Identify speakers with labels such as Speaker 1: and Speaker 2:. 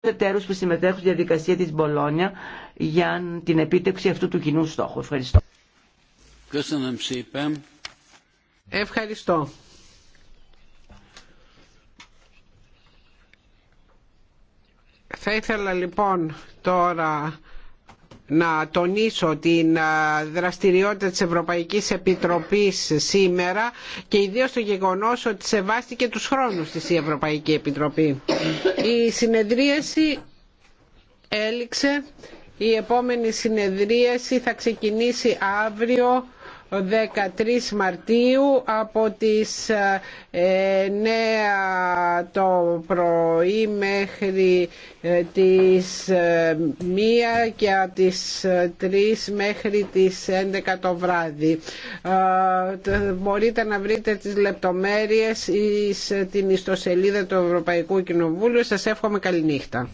Speaker 1: εταίρους που συμμετέχουν στη διαδικασία της Μπολόνια για την επίτευξη αυτού του κοινού στόχου. Ευχαριστώ. Ευχαριστώ. Θα ήθελα λοιπόν τώρα να τονίσω την δραστηριότητα της Ευρωπαϊκής Επιτροπής σήμερα και ιδίως το γεγονός ότι σεβάστηκε τους χρόνους της η Ευρωπαϊκή Επιτροπή. Η συνεδρίαση έληξε. Η επόμενη συνεδρίαση θα ξεκινήσει αύριο 13 Μαρτίου από τις 9 ε, το πρωί μέχρι ε, τις 1 ε, και από τις 3 μέχρι τις 11 το βράδυ. Μπορείτε να βρείτε τις λεπτομέρειες στην ιστοσελίδα του Ευρωπαϊκού Κοινοβούλου. Σας εύχομαι καληνύχτα.